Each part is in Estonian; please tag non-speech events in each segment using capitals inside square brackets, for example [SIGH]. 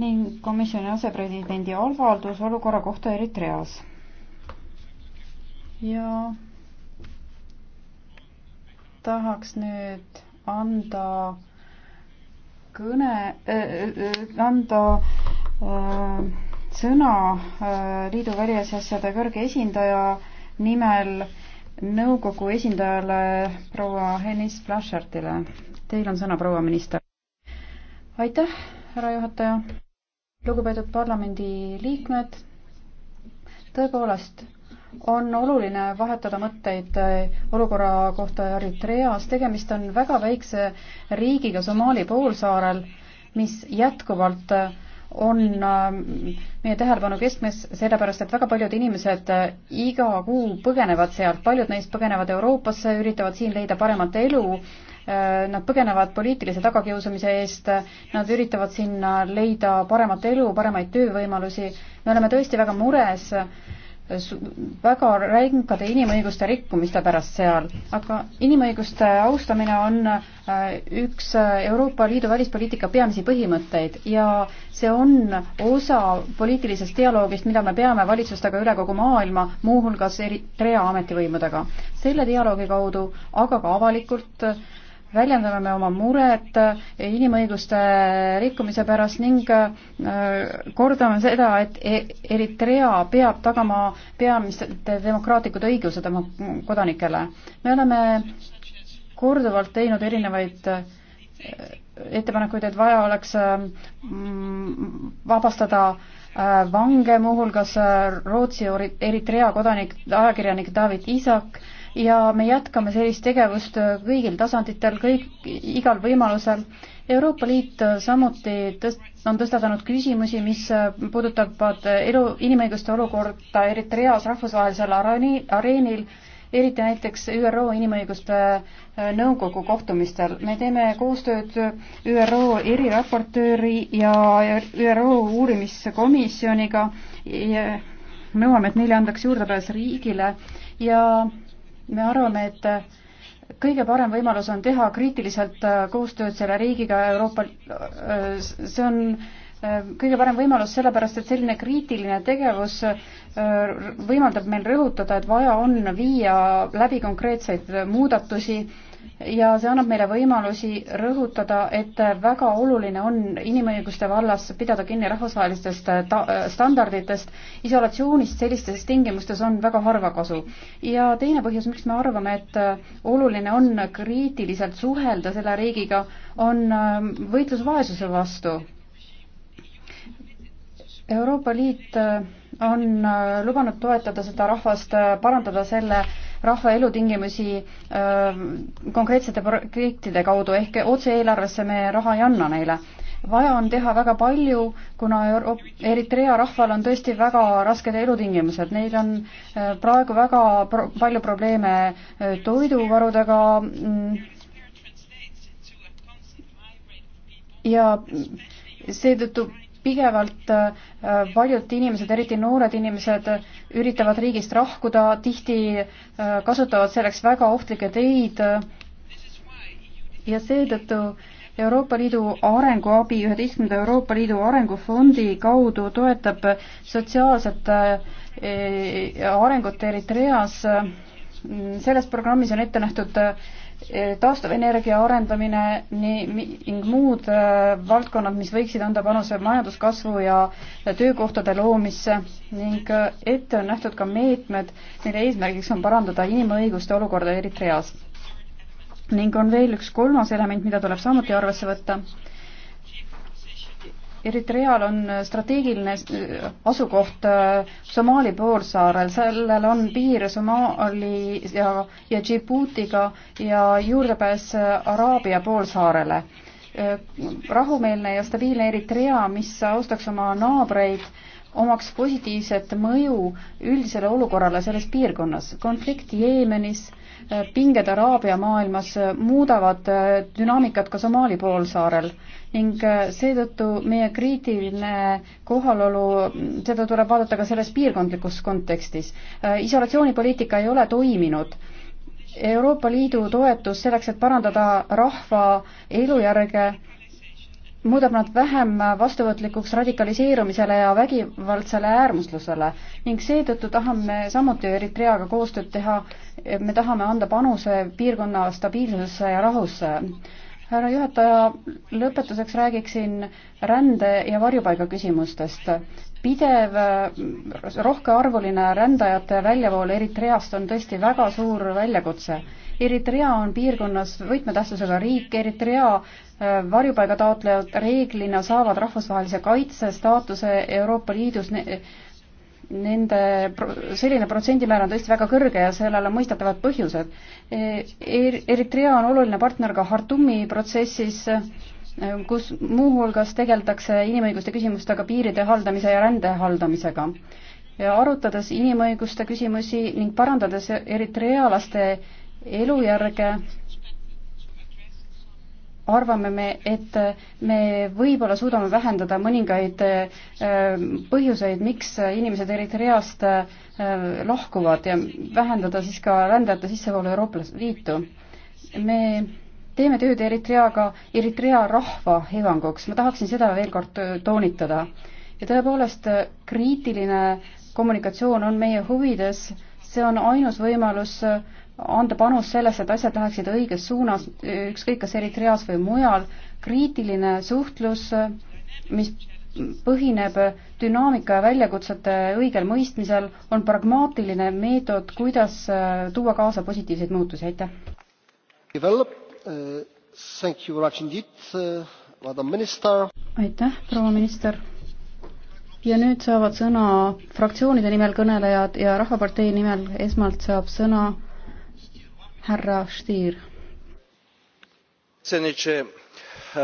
ning komisjoni asepresidendi avaldus olukorra kohta Eritreas. ja tahaks nüüd anda kõne äh,, äh anda äh, sõna äh, liidu välisasjade kõrge esindaja nimel nõukogu esindajale proua Hennis Flashertile. Teil on sõna, proua minister. aitäh, härra juhataja lugupeetud parlamendiliikmed, tõepoolest on oluline vahetada mõtteid eh, olukorra kohta Eritreas. tegemist on väga väikse riigiga Somaali poolsaarel, mis jätkuvalt eh, on eh, meie tähelepanu keskmes, sellepärast et väga paljud inimesed iga kuu põgenevad sealt, paljud neist põgenevad Euroopasse, üritavad siin leida paremat elu Äh, nad põgenevad poliitilise tagakiusamise eest, nad üritavad sinna leida paremat elu, paremaid töövõimalusi, me oleme tõesti väga mures äh, väga rängade inimõiguste rikkumiste pärast seal, aga inimõiguste austamine on äh, üks Euroopa Liidu välispoliitika peamisi põhimõtteid ja see on osa poliitilisest dialoogist, mida me peame valitsustega üle kogu maailma, muuhulgas Eritrea ametivõimudega. selle dialoogi kaudu, aga ka avalikult äh, väljendame me oma muret eh, inimõiguste rikkumise pärast ning eh, kordame seda, et e-, Eritrea peab tagama peamised demokraatlikud õigused oma kodanikele. me oleme korduvalt teinud erinevaid eh, ettepanekuid, et vaja oleks mm, vabastada vange, muuhulgas Rootsi Eritrea kodanik, ajakirjanik David Isak ja me jätkame sellist tegevust kõigil tasanditel, kõik, igal võimalusel. Euroopa Liit samuti tõst-, on tõstatanud küsimusi, mis puudutavad elu, inimõiguste olukorda Eritreas rahvusvahelisel areeni, areenil, eriti näiteks ÜRO Inimõiguste Nõukogu kohtumistel. me teeme koostööd ÜRO eriraportööri ja ÜRO uurimiskomisjoniga, nõuame, et neile antaks juurdepääs riigile ja me arvame, et kõige parem võimalus on teha kriitiliselt äh, koostööd selle riigiga Euroopa, äh, see on äh, kõige parem võimalus, sellepärast et selline kriitiline tegevus võimaldab meil rõhutada, et vaja on viia läbi konkreetseid muudatusi ja see annab meile võimalusi rõhutada, et väga oluline on inimõiguste vallas pidada kinni rahvusvahelistest standarditest. isolatsioonist sellistes tingimustes on väga harva kasu. ja teine põhjus, miks me arvame, et oluline on kriitiliselt suhelda selle riigiga, on ähm, võitlus vaesuse vastu. Euroopa Liit äh, on äh, lubanud toetada seda rahvast, äh, parandada selle äh, rahva elutingimusi äh, konkreetsete projektide kaudu ehk otse-eelarvesse me raha ei anna neile vaja on teha väga palju, kuna Euro Eritrea rahval on tõesti väga rasked elutingimused, neil on äh, praegu väga pro palju probleeme äh, toiduvarudega. Mm, ja seetõttu pidevalt äh, paljud inimesed, eriti noored inimesed, üritavad riigist lahkuda, tihti äh, kasutavad selleks väga ohtlikke teid ja seetõttu Euroopa Liidu arenguabi, üheteistkümnenda Euroopa Liidu arengufondi kaudu toetab sotsiaalset äh, arengut Eritreas. selles programmis on ette nähtud taastuvenergia arendamine ning muud äh, valdkonnad, mis võiksid anda panuse majanduskasvu ja töökohtade loomisse ning äh, ette on nähtud ka meetmed, mille eesmärgiks on parandada inimõiguste olukorda Eritreas. ning on veel üks kolmas element, mida tuleb samuti arvesse võtta Eritreal on strateegiline asukoht äh, Somaali poolsaarel, sellel on piir Somaali ja, ja Djiboutiga ja juurdepääs äh, Araabia poolsaarele. Äh, rahumeelne ja stabiilne Eritrea, mis austaks oma naabreid, omaks positiivset mõju üldisele olukorrale selles piirkonnas. konflikt Jeemenis, pinged Araabia maailmas muudavad dünaamikat ka Somaali poolsaarel ning äh, seetõttu meie kriitiline kohalolu, seda tuleb vaadata ka selles piirkondlikus kontekstis. Äh, isolatsioonipoliitika ei ole toiminud Euroopa Liidu toetus selleks, et parandada rahva elujärge, muudab nad vähem vastuvõtlikuks radikaliseerumisele ja vägivaldsele äärmuslusele ning seetõttu tahame samuti Eritreaga koostööd teha, me tahame anda panuse piirkonna stabiilsusesse ja rahusse härra juhataja, lõpetuseks räägiksin rände ja varjupaiga küsimustest. pidev rohkearvuline rändajate väljavool Eritreast on tõesti väga suur väljakutse. Eritrea on piirkonnas võtmetähtsusega riik, Eritrea äh, varjupaigataotlejad reeglina saavad rahvusvahelise kaitse staatuse Euroopa Liidus ne nende, selline protsendimäär on tõesti väga kõrge ja sellel on mõistetavad põhjused. E-, er-, Eritrea on oluline partner ka Hartumi protsessis, kus muuhulgas tegeldakse inimõiguste küsimustega piiride haldamise ja rände haldamisega. ja arutades inimõiguste küsimusi ning parandades e-, eritrealaste elujärge, arvame me, et me võib-olla suudame vähendada mõningaid äh, põhjuseid, miks inimesed Eritreast äh, lahkuvad ja vähendada siis ka rändajate sissevoolu Euroopa Liitu. me teeme tööd Eritreaga, Eritrea rahva hüvanguks, ma tahaksin seda veel kord toonitada. ja tõepoolest, kriitiline kommunikatsioon on meie huvides, see on ainus võimalus äh, anda panus sellesse, et asjad läheksid õiges suunas, ükskõik kas Eritreas või mujal, kriitiline suhtlus, mis põhineb dünaamika ja väljakutsete õigel mõistmisel, on pragmaatiline meetod, kuidas äh, tuua kaasa positiivseid muutusi, aitäh! Äh, äh, aitäh, proua minister! ja nüüd saavad sõna fraktsioonide nimel kõnelejad ja Rahvapartei nimel esmalt saab sõna härra Stier.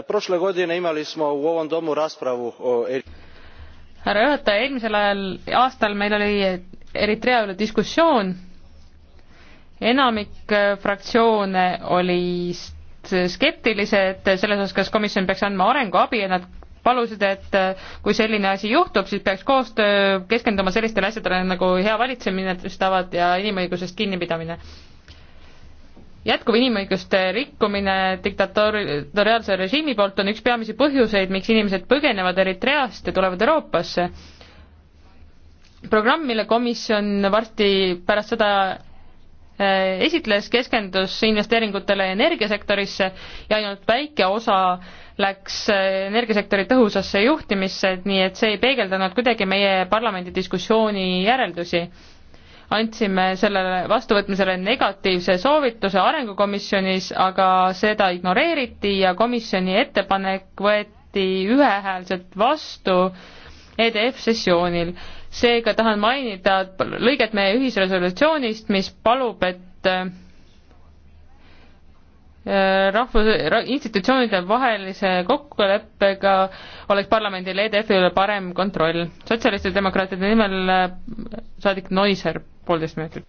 prošle godine imali smo u ovom domu raspravu o härra juhataja, eelmisel ajal, aastal meil oli Eritrea üle diskussioon, enamik äh, fraktsioone oli skeptilised selles osas, kas komisjon peaks andma arenguabi ja nad palusid, et äh, kui selline asi juhtub, siis peaks koostöö keskenduma sellistele asjadele nagu hea valitsemine, tavad ja inimõigusest kinnipidamine jätkuv inimõiguste rikkumine diktatoriaalse režiimi poolt on üks peamisi põhjuseid, miks inimesed põgenevad Eritreast ja tulevad Euroopasse. programm, mille komisjon varsti pärast seda äh, esitles, keskendus investeeringutele energiasektorisse ja ainult väike osa läks äh, energiasektori tõhusasse juhtimisse, nii et see ei peegeldanud kuidagi meie parlamendi diskussiooni järeldusi andsime sellele vastuvõtmisele negatiivse soovituse Arengukomisjonis, aga seda ignoreeriti ja komisjoni ettepanek võeti ühehäälselt vastu EDF-sessioonil. seega tahan mainida lõiget meie ühisresolutsioonist, mis palub, et Äh, rahvus, institutsioonide vahelise kokkuleppega oleks parlamendil EDF-i üle parem kontroll. sotsialistide demokraatide nimel äh, saadik Noiser, poolteist minutit.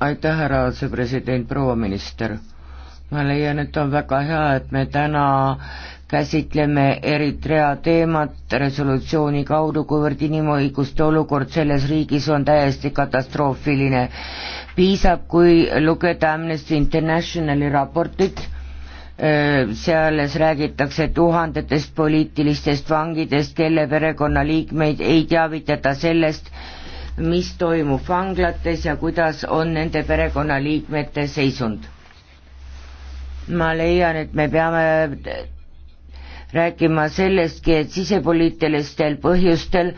aitäh, härra asepresident, proua minister ma leian, et on väga hea, et me täna käsitleme Eritrea teemat resolutsiooni kaudu, kuivõrd inimõiguste olukord selles riigis on täiesti katastroofiline. piisab, kui lugeda Amnesty Internationali raportit, selles räägitakse tuhandetest poliitilistest vangidest, kelle perekonnaliikmeid ei teavitata sellest, mis toimub vanglates ja kuidas on nende perekonnaliikmete seisund ma leian, et me peame rääkima sellestki, et sisepoliitilistel põhjustel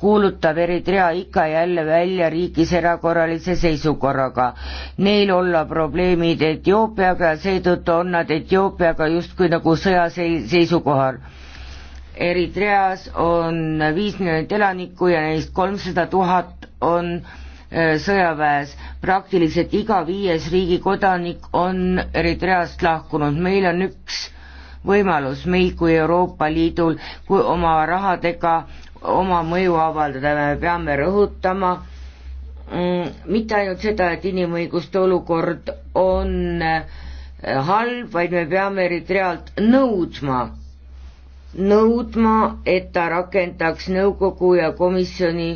kuulutab Eritrea ikka jälle välja riigis erakorralise seisukorraga. Neil olla probleemid Etioopiaga ja seetõttu on nad Etioopiaga justkui nagu sõjaseisukohal. Eritreas on viis miljonit elanikku ja neist kolmsada tuhat on sõjaväes. praktiliselt iga viies riigi kodanik on Eritreast lahkunud, meil on üks võimalus, meil kui Euroopa Liidul, kui oma rahadega oma mõju avaldada, me peame rõhutama mm, mitte ainult seda, et inimõiguste olukord on eh, halb, vaid me peame Eritrealt nõudma, nõudma, et ta rakendaks nõukogu ja komisjoni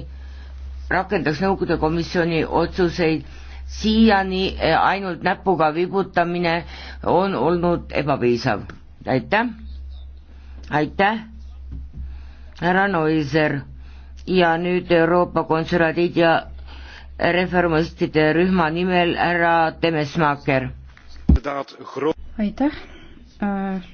rakendas Nõukogude komisjoni otsuseid, siiani eh, ainult näpuga vibutamine on olnud ebapiisav. aitäh, aitäh, härra Noiser ja nüüd Euroopa konservatiiv ja reformistide rühma nimel härra Temesmaaker. aitäh,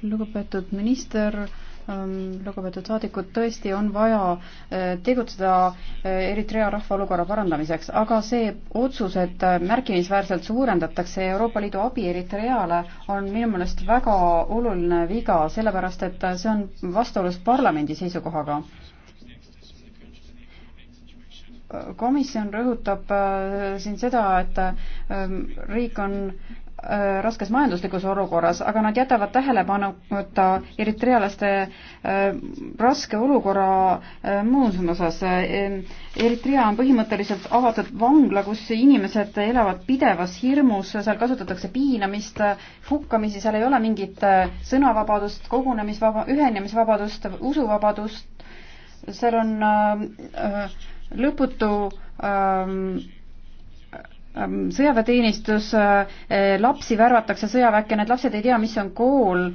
lugupeetud minister Ähm, lugupeetud saadikud, tõesti on vaja äh, tegutseda äh, Eritrea rahva olukorra parandamiseks, aga see otsus, et äh, märkimisväärselt suurendatakse Euroopa Liidu abi Eritreale, on minu meelest väga oluline viga, sellepärast et see on vastuolus parlamendi seisukohaga komisjon rõhutab siin seda, et riik on Äh, raskes majanduslikus olukorras, aga nad jätavad tähelepanuta eritrealaste äh, raske olukorra äh, muus osas. Eritrea on põhimõtteliselt avatud vangla, kus inimesed elavad pidevas hirmus, seal kasutatakse piinamist, hukkamisi, seal ei ole mingit sõnavabadust, kogunemisvaba, ühenemisvabadust, usuvabadust, seal on lõputu ähm, Ähm, sõjaväeteenistus, äh, äh, lapsi värvatakse sõjaväkke, need lapsed ei tea, mis on kool.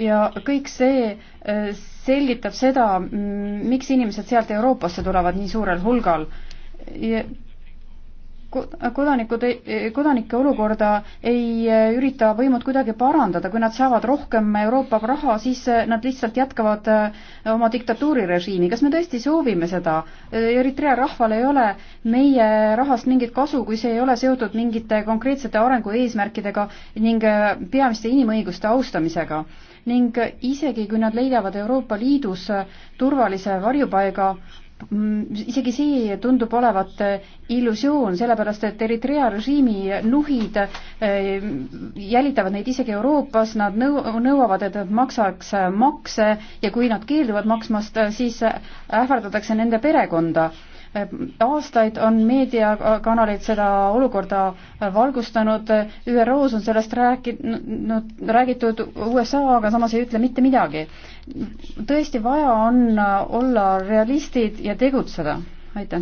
ja kõik see äh, selgitab seda, miks inimesed sealt Euroopasse tulevad nii suurel hulgal kodanikud, kodanike olukorda ei eh, ürita võimud kuidagi parandada, kui nad saavad rohkem Euroopa raha, siis eh, nad lihtsalt jätkavad eh, oma diktatuurirežiimi. kas me tõesti soovime seda? Eritrea rahval ei ole meie rahast mingit kasu, kui see ei ole seotud mingite konkreetsete arengueesmärkidega ning peamiste inimõiguste austamisega. ning isegi, kui nad leiavad Euroopa Liidus turvalise varjupaiga, Mm, isegi see tundub olevat äh, illusioon, sellepärast et Eritrea režiimi nuhid äh, jälitavad neid isegi Euroopas, nad nõu-, nõuavad, et nad maksaks äh, makse ja kui nad keelduvad maksmast, siis ähvardatakse nende perekonda aastaid on meediakanalid seda olukorda valgustanud, ÜRO-s on sellest rääkinud, räägitud USA, aga samas ei ütle mitte midagi. tõesti vaja on olla realistid ja tegutseda, aitäh.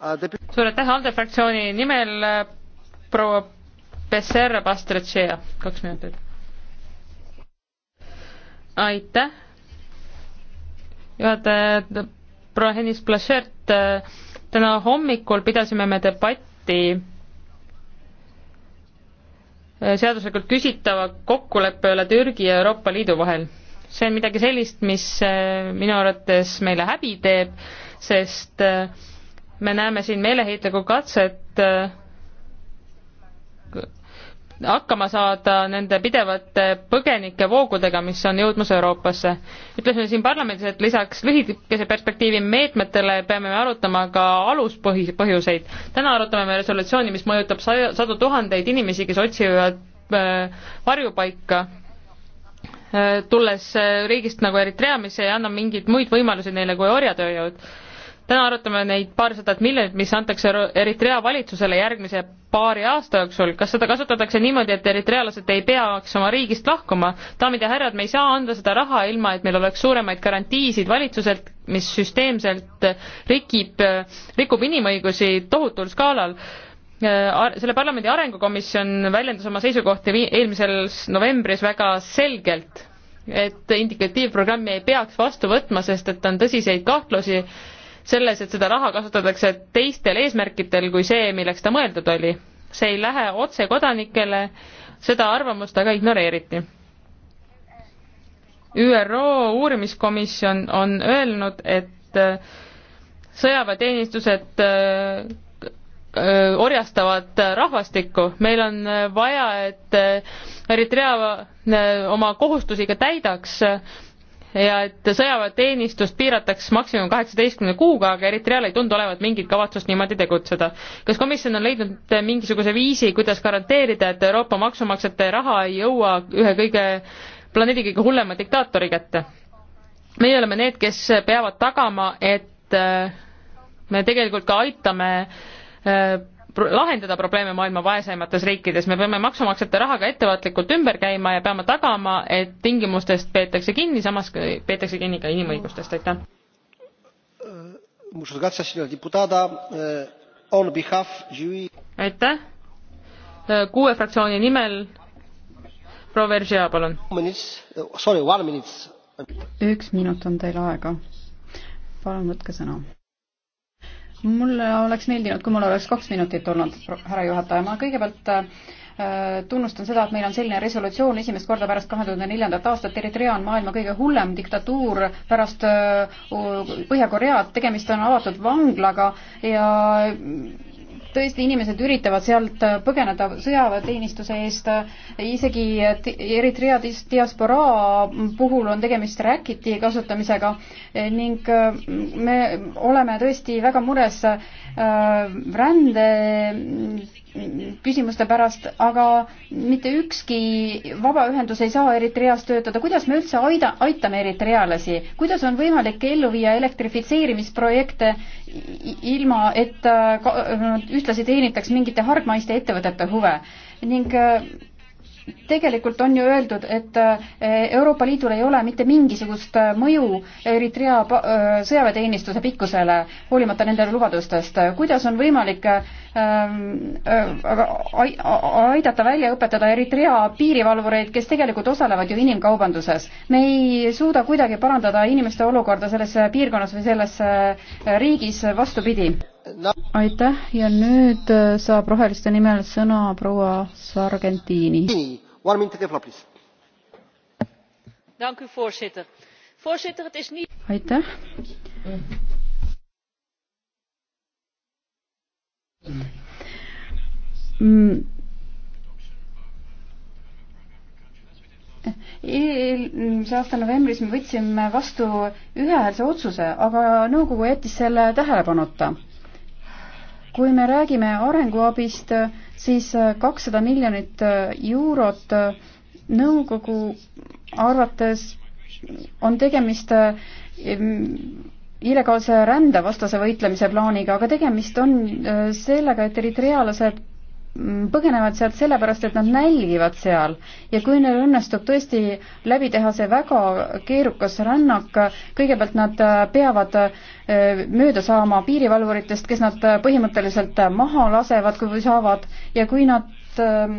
Uh, suur aitäh, ALDE fraktsiooni nimel uh, proua Becerra Bastrechea, kaks minutit aitäh. juhataja proua Hennis Plašert, täna hommikul pidasime me debatti seaduslikult küsitava kokkuleppe üle Türgi ja Euroopa Liidu vahel. see on midagi sellist, mis äh, minu arvates meile häbi teeb, sest äh, me näeme siin meeleheitlikku katset äh, hakkama saada nende pidevate põgenikevoogudega, mis on jõudmas Euroopasse. ütlesime siin parlamendis, et lisaks lühikese perspektiivi meetmetele peame me arutama ka aluspõhi, põhjuseid. täna arutame me resolutsiooni, mis mõjutab saju, sadu tuhandeid inimesi, kes otsivad äh, varjupaika, äh, tulles äh, riigist nagu Eritrea, mis ei anna mingeid muid võimalusi neile kui orjatööjõud täna arutame neid paarisadat miljonit, mis antakse Eritrea valitsusele järgmise paari aasta jooksul, kas seda kasutatakse niimoodi, et eritrealased ei peaks oma riigist lahkuma? daamid ja härrad, me ei saa anda seda raha ilma, et meil oleks suuremaid garantiisid valitsuselt, mis süsteemselt rikib, rikub inimõigusi tohutul skaalal selle parlamendi arengukomisjon väljendas oma seisukohti eelmisel novembris väga selgelt, et indikatiivprogrammi ei peaks vastu võtma, sest et on tõsiseid kahtlusi, selles, et seda raha kasutatakse teistel eesmärkidel kui see, milleks ta mõeldud oli. see ei lähe otse kodanikele, seda arvamust aga ignoreeriti. ÜRO uurimiskomisjon on öelnud, et äh, sõjaväeteenistused äh, äh, orjastavad rahvastikku, meil on vaja, et Eritrea oma kohustusi ka täidaks ja et sõjaväeteenistust piirataks maksimum kaheksateistkümne kuuga, aga Eritreal ei tundu olevat mingit kavatsust niimoodi tegutseda. kas komisjon on leidnud mingisuguse viisi, kuidas garanteerida, et Euroopa maksumaksjate raha ei jõua ühe kõige, planeedi kõige hullema diktaatori kätte? meie oleme need, kes peavad tagama, et äh, me tegelikult ka aitame äh, lahendada probleeme maailma vaesemates riikides, me peame maksumaksjate rahaga ettevaatlikult ümber käima ja peame tagama, et tingimustest peetakse kinni, samas peetakse kinni ka inimõigustest, aitäh. E, aitäh, e, kuue fraktsiooni nimel proua Veržia, palun. E, üks minut on teil aega, palun võtke sõna mulle oleks meeldinud, kui mul oleks kaks minutit olnud, härra juhataja, ma kõigepealt äh, tunnustan seda, et meil on selline resolutsioon esimest korda pärast kahe tuhande neljandat aastat. Eritrea on maailma kõige hullem diktatuur pärast äh, Põhja-Koread, tegemist on avatud vanglaga ja tõesti inimesed üritavad sealt põgeneda sõjaväeteenistuse eest, isegi Eritrea diasporaa puhul on tegemist räkiti kasutamisega ning äh, me oleme tõesti väga mures äh, rände küsimuste pärast, aga mitte ükski vabaühendus ei saa Eritreas töötada. kuidas me üldse aida, aitame eritrealasi, kuidas on võimalik ellu viia elektrifitseerimisprojekte ilma, et äh, ühtlasi teenitaks mingite hargmaiste ettevõtete huve ning äh, tegelikult on ju öeldud, et eh, Euroopa Liidul ei ole mitte mingisugust eh, mõju Eritrea eh, sõjaväeteenistuse pikkusele, hoolimata nende lubadustest. kuidas on võimalik aidata välja õpetada Eritrea piirivalvureid, kes tegelikult osalevad ju inimkaubanduses? me ei suuda kuidagi parandada inimeste olukorda selles piirkonnas või selles riigis, vastupidi aitäh ja nüüd äh, saab Roheliste nimel sõna proua Sargentini. aitäh. Mm. eelmise aasta novembris me võtsime vastu ühehäälse otsuse, aga nõukogu jättis selle tähelepanuta kui me räägime arenguabist, siis äh, kakssada miljonit äh, eurot äh, nõukogu arvates on tegemist illegaalse rändevastase võitlemise plaaniga, aga tegemist on sellega, et eritrealased Mm, põgenevad sealt sellepärast, et nad nälgivad seal ja kui neil õnnestub tõesti läbi teha see väga keerukas rännak, kõigepealt nad äh, peavad äh, mööda saama piirivalvuritest, kes nad äh, põhimõtteliselt maha lasevad, kui saavad, ja kui nad ähm,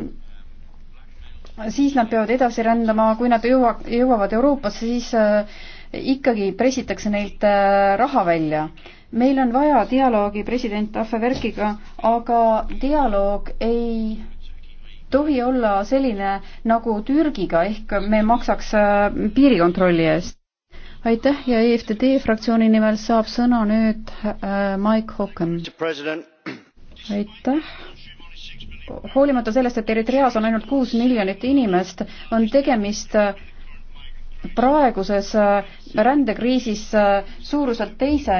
siis nad peavad edasi rändama, kui nad jõua, jõuavad Euroopasse, siis ikkagi pressitakse neilt raha välja meil on vaja dialoogi president Afeverkiga, aga dialoog ei tohi olla selline nagu Türgiga, ehk me maksaks äh, piirikontrolli eest. aitäh ja EFTD fraktsiooni nimel saab sõna nüüd äh, Mike Hocken. aitäh hoolimata sellest, et Eritreas on ainult kuus miljonit inimest, on tegemist äh, praeguses äh, rändekriisis äh, suuruselt teise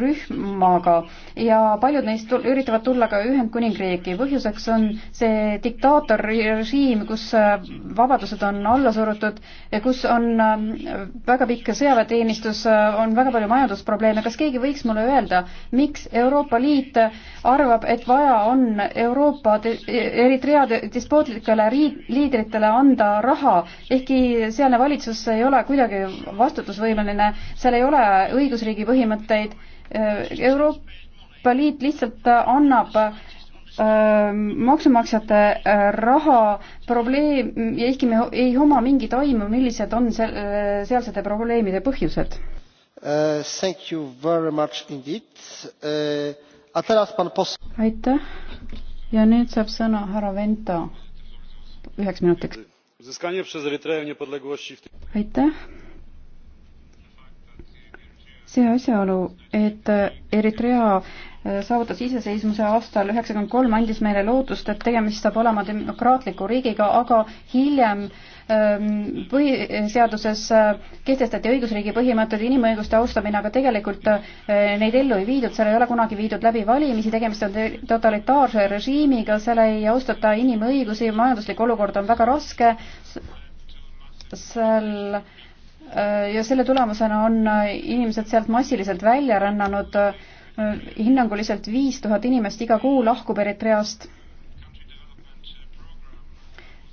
rühmaga ja paljud neist tul üritavad tulla ka Ühendkuningriiki. põhjuseks on see diktaatorrežiim, kus äh, vabadused on alla surutud, kus on äh, väga pikk sõjaväeteenistus, on väga palju majandusprobleeme. kas keegi võiks mulle öelda, miks Euroopa Liit arvab, et vaja on Euroopa Eritrea despootlikele liidritele anda raha, ehkki sealne valitsus ei ole kuidagi vastutus otsustusvõimeline, seal ei ole õigusriigi põhimõtteid, äh, Euroopa Liit lihtsalt äh, annab ähm, maksumaksjate äh, raha probleem, ehkki me ei oma mingit aimu, millised on selle, sealsete probleemide põhjused Uh, thank you very much indeed. Uh, a teraz pan poseł. Aitäh. Ja nüüd saab sõna härra Venta. Üheks minutiks. Uzyskanie przez Erytreę niepodległości w tym... Aitäh see asjaolu, et Eritrea äh, saavutas iseseisvuse aastal üheksakümmend kolm, andis meile lootust, et tegemist saab olema demokraatliku riigiga, aga hiljem ähm, põhiseaduses äh, kehtestati õigusriigi põhimõtted, inimõiguste austamine, aga tegelikult äh, neid ellu ei viidud, seal ei ole kunagi viidud läbi valimisi, tegemist on totalitaarse režiimiga, seal ei austata inimõigusi, majanduslik olukord on väga raske, seal Äh, ja selle tulemusena on äh, inimesed sealt massiliselt välja rännanud. Äh, hinnanguliselt viis tuhat inimest iga kuu lahkub Eritreast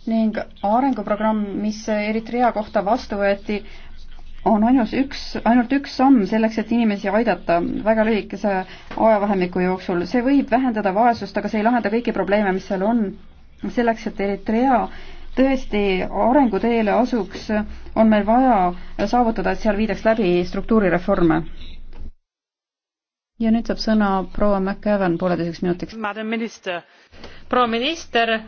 ning arenguprogramm, mis Eritrea kohta vastu võeti, on ainus üks, ainult üks samm selleks, et inimesi aidata väga lühikese ajavahemiku jooksul. see võib vähendada vaesust, aga see ei lahenda kõiki probleeme, mis seal on. selleks, et Eritrea tõesti arenguteele asuks, on meil vaja saavutada, et seal viidaks läbi struktuurireforme. ja nüüd saab sõna proua McEwan pooleteiseks minutiks. proua minister,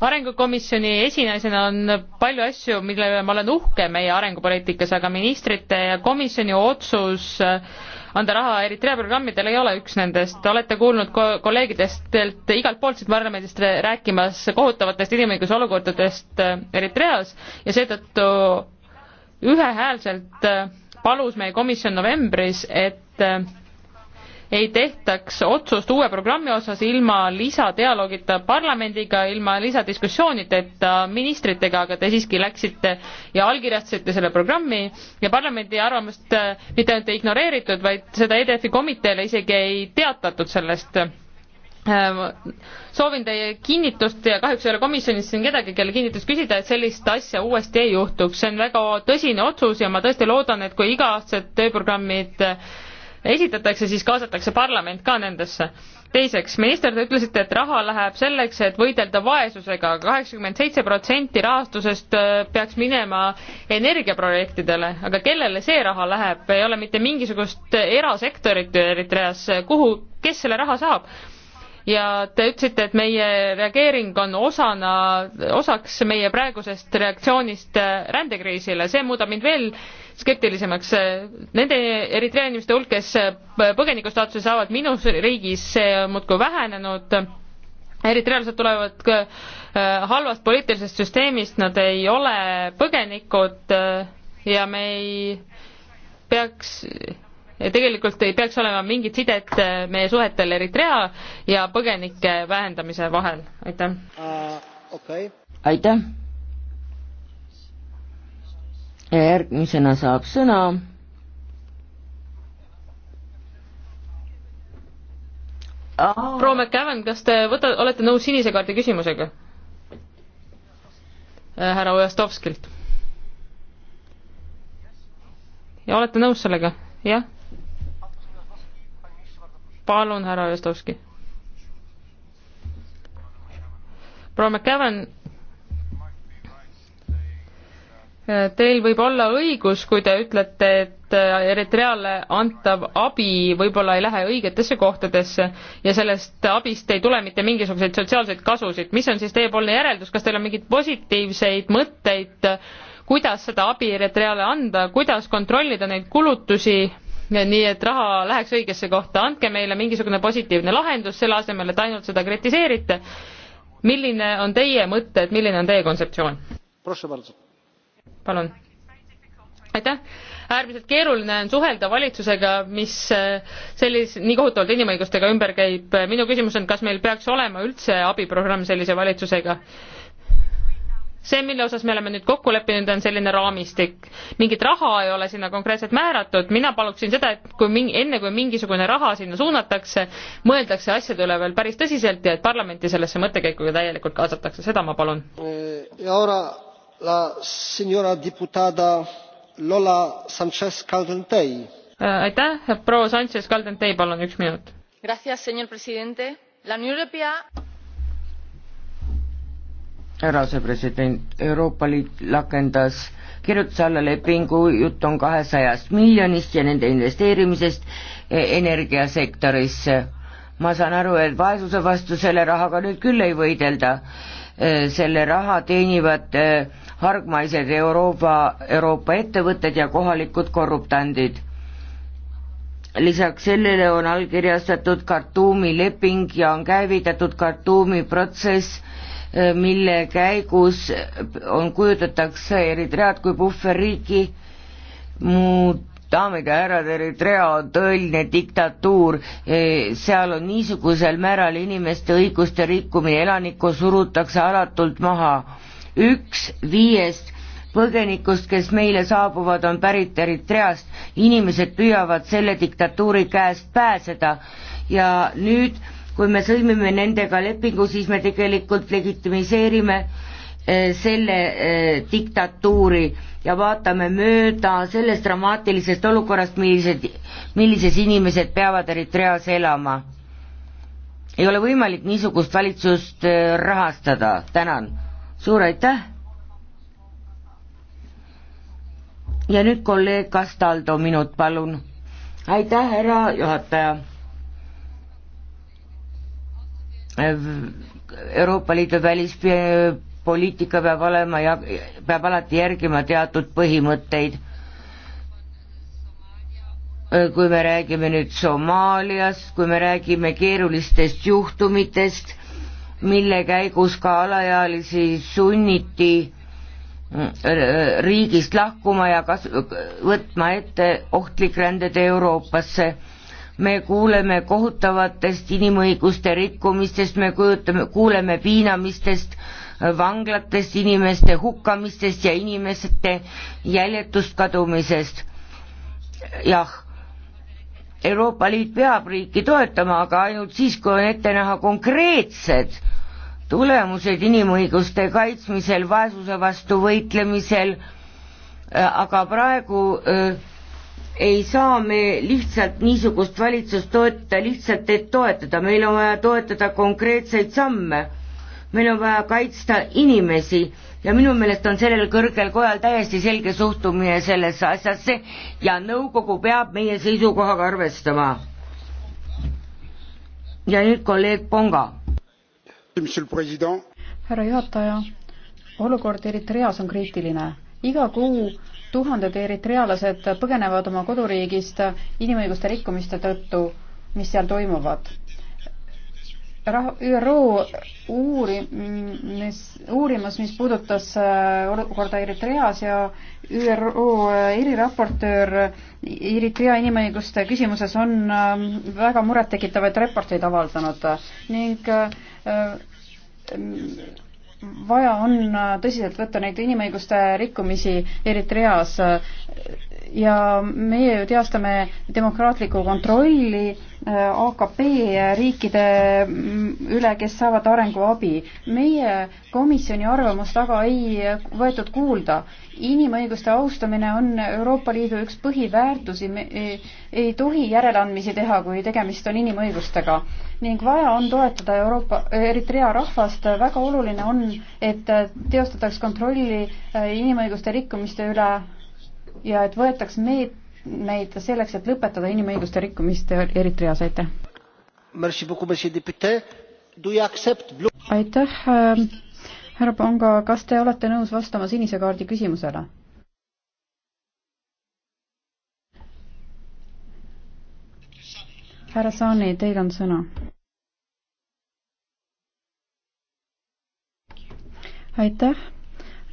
arengukomisjoni esinaisena on palju asju, mille üle ma olen uhke meie arengupoliitikas, aga ministrite ja komisjoni otsus äh, anda raha Eritrea programmidele ei ole üks nendest. olete kuulnud ko kolleegidest igalt poolt siit parlamendist rääkimas kohutavatest inimõiguse olukordadest äh, Eritreas ja seetõttu ühehäälselt äh, palus meie komisjon novembris, et äh, ei tehtaks otsust uue programmi osas ilma lisadialoogita parlamendiga, ilma lisadiskussioonideta ministritega, aga te siiski läksite ja allkirjastasite selle programmi ja parlamendi arvamust äh, mitte ainult ei ignoreeritud, vaid seda EDF-i komiteele isegi ei teatatud sellest äh, soovin teie kinnitust ja kahjuks ei ole komisjonis siin kedagi, kelle kinnitust küsida, et sellist asja uuesti ei juhtuks. see on väga tõsine otsus ja ma tõesti loodan, et kui iga-aastased tööprogrammid äh, esitatakse, siis kaasatakse parlament ka nendesse. teiseks, minister, te ütlesite, et raha läheb selleks, et võidelda vaesusega, kaheksakümmend seitse protsenti rahastusest äh, peaks minema energiaprojektidele, aga kellele see raha läheb, ei ole mitte mingisugust erasektorit Eritreas, kuhu, kes selle raha saab? ja te ütlesite, et meie reageering on osana, osaks meie praegusest reaktsioonist äh, rändekriisile, see muudab mind veel skeptilisemaks. Nende Eritrea inimeste hulk, kes äh, põgenikustaatuse saavad minu riigis, see on muudkui vähenenud. eritrealased tulevad äh, halvast poliitilisest süsteemist, nad ei ole põgenikud ja me ei peaks tegelikult ei peaks olema mingit sidet äh, meie suhetel Eritrea ja põgenike vähendamise vahel, aitäh uh,. Äh, okay. aitäh. ja järgmisena saab sõna oh.. proua McEwan, kas te võta-, olete nõus sinise kaardi küsimusega? Äh, härra Ojastovskilt. ja olete nõus sellega? jah palun, härra Jostovski. proua McEwan, teil võib olla õigus, kui te ütlete, et äh, Eritreale antav abi võib-olla ei lähe õigetesse kohtadesse ja sellest abist ei tule mitte mingisuguseid sotsiaalseid kasusid. mis on siis teiepoolne järeldus, kas teil on mingeid positiivseid mõtteid, kuidas seda abi Eritreale anda, kuidas kontrollida neid kulutusi [LAUGHS] nii et raha läheks õigesse kohta, andke meile mingisugune positiivne lahendus, selle asemel, et ainult seda kritiseerite. milline on teie mõte, et milline on teie kontseptsioon? palun. aitäh äärmiselt keeruline on suhelda valitsusega, mis äh, sellis-, nii kohutavalt inimõigustega ümber käib. minu küsimus on, kas meil peaks olema üldse abiprogramm sellise valitsusega? see, mille osas me oleme nüüd kokku leppinud, on selline raamistik. mingit raha ei ole sinna konkreetselt määratud, mina paluksin seda, et kui mingi, enne kui mingisugune raha sinna suunatakse, mõeldakse asjade üle veel päris tõsiselt ja et parlamenti sellesse mõttekäiku ka täielikult kaasatakse, seda ma palun. Eh, ja ora la signora diputada Lola Sanchez Caldentei. Eh, aitäh, proua Sanchez Caldentei, palun üks minut. Gracias, señor presidente. La Unión Europea härra asepresident, Euroopa Liit lakendas kirjutas alla lepingu, jutt on kahesajast miljonist ja nende investeerimisest eh, energiasektorisse. ma saan aru, et vaesuse vastu selle rahaga nüüd küll ei võidelda, eh, selle raha teenivad eh, hargmaised Euroopa, Euroopa ettevõtted ja kohalikud korruptandid lisaks sellele on allkirjastatud Khartoumi leping ja on käivitatud Khartoumi protsess, Äh, mille käigus on, kujutatakse Eritread kui puhverriiki, mu daamid ja härrad, Eritrea on tõeline diktatuur, äh, seal on niisugusel määral inimeste õiguste rikkumine, elanikku surutakse alatult maha. üks viiest põgenikust, kes meile saabuvad, on pärit Eritreast, inimesed püüavad selle diktatuuri käest pääseda ja nüüd kui me sõlmime nendega lepingu, siis me tegelikult legitimiseerime eh, selle eh, diktatuuri ja vaatame mööda sellest dramaatilisest olukorrast, millised, millises inimesed peavad Eritreas elama. ei ole võimalik niisugust valitsust eh, rahastada, tänan. suur aitäh! ja nüüd kolleeg Kastaldo, minut palun. aitäh, härra juhataja Euroopa Liidu välispoliitika peab olema ja peab alati järgima teatud põhimõtteid. kui me räägime nüüd Somaaliast, kui me räägime keerulistest juhtumitest, mille käigus ka alaealisi sunniti äh, riigist lahkuma ja kas-, võtma ette ohtlik rändetee Euroopasse me kuuleme kohutavatest inimõiguste rikkumistest, me kujutame, kuuleme piinamistest, äh, vanglatest, inimeste hukkamistest ja inimeste jäljetust kadumisest. jah, Euroopa Liit peab riiki toetama, aga ainult siis, kui on ette näha konkreetsed tulemused inimõiguste kaitsmisel, vaesuse vastu võitlemisel, äh, aga praegu öö, äh, ei saa me lihtsalt niisugust valitsust toetada lihtsalt, et toetada, meil on vaja toetada konkreetseid samme. meil on vaja kaitsta inimesi ja minu meelest on sellel kõrgel kojal täiesti selge suhtumine sellesse asjasse ja nõukogu peab meie seisukohaga arvestama. ja nüüd kolleeg Ponga. härra juhataja, olukord Eritreas on kriitiline. iga kuu tuhanded eritrealased põgenevad oma koduriigist inimõiguste rikkumiste tõttu, mis seal toimuvad. ÜRO uurimis, uurimus, mis puudutas äh, olukorda Eritreas ja ÜRO äh, eriraportöör Eritrea inimõiguste küsimuses on ähm, väga murettekitavaid raporteid avaldanud ning äh, vaja on äh, tõsiselt võtta neid inimõiguste rikkumisi Eritreas ja meie ju teostame demokraatlikku kontrolli äh, AKP riikide mm, üle, kes saavad arenguabi. meie komisjoni arvamust aga ei võetud kuulda. inimõiguste austamine on Euroopa Liidu üks põhiväärtusi, me ei, äh, ei tohi järeleandmisi teha, kui tegemist on inimõigustega. ning vaja on toetada Euroopa, Eritrea rahvast, väga oluline on, et äh, teostataks kontrolli inimõiguste rikkumiste üle ja et võetaks meetmeid selleks, et lõpetada inimõiguste rikkumist Eritreas, aitäh. aitäh, ähm, härra Panga, kas te olete nõus vastama sinise kaardi küsimusele? härra Saani, teil on sõna. aitäh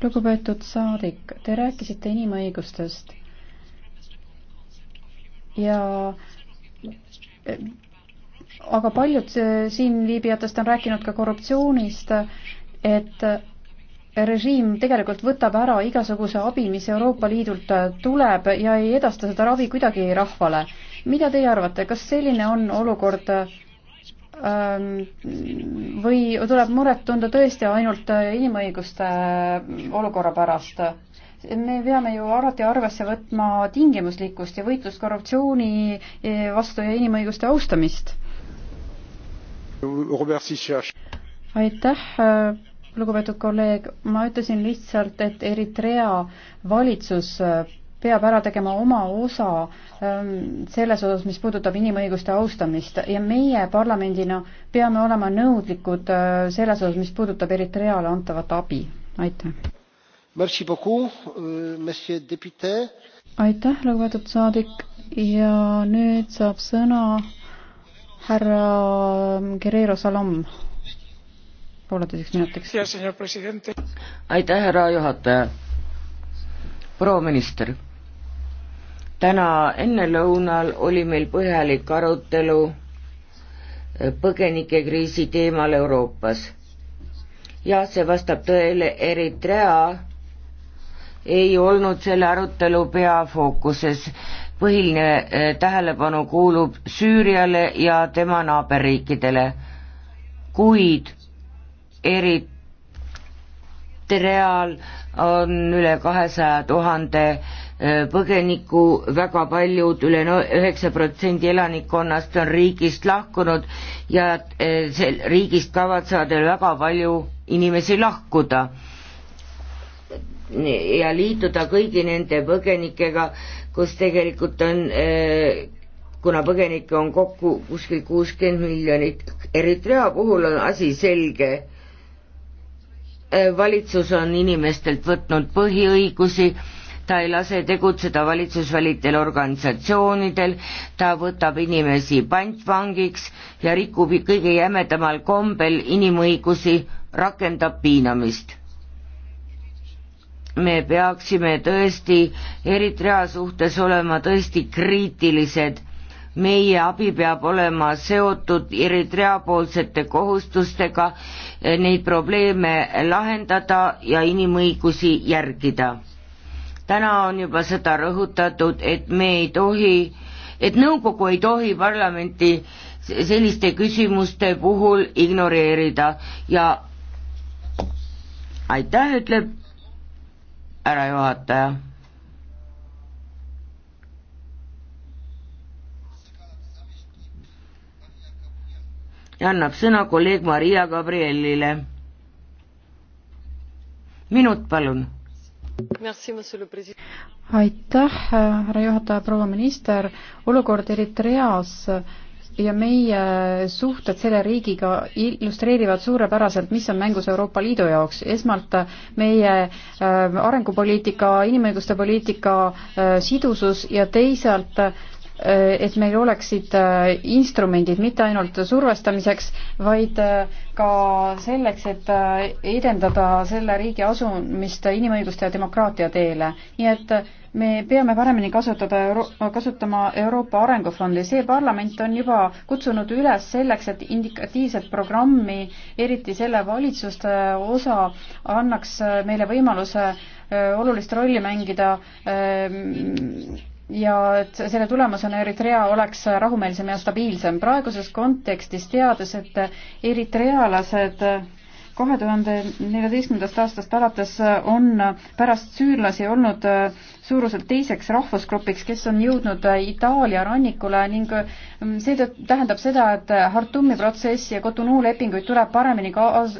lugupeetud saadik, te rääkisite inimõigustest ja aga paljud eh, siin viibijatest on rääkinud ka korruptsioonist, et režiim tegelikult võtab ära igasuguse abi, mis Euroopa Liidult tuleb ja ei edasta seda ravi kuidagi rahvale. mida teie arvate, kas selline on olukord Ähm, või tuleb muret tunda tõesti ainult äh, inimõiguste äh, olukorra pärast? me peame ju alati arvesse võtma tingimuslikkust ja võitlust korruptsiooni e, vastu ja inimõiguste austamist. aitäh, äh, lugupeetud kolleeg, ma ütlesin lihtsalt, et Eritrea valitsus peab ära tegema oma osa ähm, selles osas, mis puudutab inimõiguste austamist ja meie parlamendina peame olema nõudlikud äh, selles osas, mis puudutab Eritreale antavat abi. aitäh. Euh, aitäh, lugupeetud saadik ja nüüd saab sõna härra ähm, Guerrero Salom pooleteiseks minutiks. aitäh, härra juhataja. proua minister täna ennelõunal oli meil põhjalik arutelu eh, põgenikekriisi teemal Euroopas. ja see vastab tõele, Eritrea ei olnud selle arutelu peafookuses. põhiline eh, tähelepanu kuulub Süüriale ja tema naaberriikidele, kuid Eritreal on üle kahesaja tuhande Äh, põgenikku, väga paljud üle, üle üheksa protsendi elanikkonnast on riigist lahkunud ja äh, sel riigist kavatsevad veel väga palju inimesi lahkuda ja liituda kõigi nende põgenikega, kus tegelikult on, äh, kuna põgenikke on kokku kuskil kuuskümmend miljonit, Eritrea puhul on asi selge valitsus on inimestelt võtnud põhiõigusi ta ei lase tegutseda valitsusvälitel organisatsioonidel, ta võtab inimesi pantvangiks ja rikub kõige jämedamal kombel inimõigusi, rakendab piinamist. me peaksime tõesti Eritrea suhtes olema tõesti kriitilised, meie abi peab olema seotud Eritrea poolsete kohustustega neid probleeme lahendada ja inimõigusi järgida täna on juba seda rõhutatud, et me ei tohi, et nõukogu ei tohi parlamenti selliste küsimuste puhul ignoreerida ja aitäh, ütleb härra juhataja. ja annab sõna kolleeg Maria Gabrielile. minut, palun aitäh, härra juhataja, proua minister, olukord Eritreas ja meie suhted selle riigiga illustreerivad suurepäraselt, mis on mängus Euroopa Liidu jaoks. esmalt meie äh, arengupoliitika, inimõiguste poliitika äh, sidusus ja teisalt Äh, et meil oleksid äh, instrumendid mitte ainult survestamiseks, vaid äh, ka selleks, et edendada selle riigi asumist inimõiguste ja demokraatia teele. nii et me peame paremini kasutada Euro kasutama Euroopa Arengufondi. see parlament on juba kutsunud üles selleks, et indikatiivset programmi, eriti selle valitsuste osa, annaks meile võimaluse olulist rolli mängida ja et selle tulemusena Eritrea oleks rahumeelsem ja stabiilsem. praeguses kontekstis teades, et eritrealased kahe tuhande neljateistkümnendast aastast alates on pärast süürlasi olnud suuruselt teiseks rahvusgrupiks, kes on jõudnud Itaalia rannikule ning see tähendab seda, et Hartumi protsess ja Cotonou lepinguid tuleb paremini kaas-,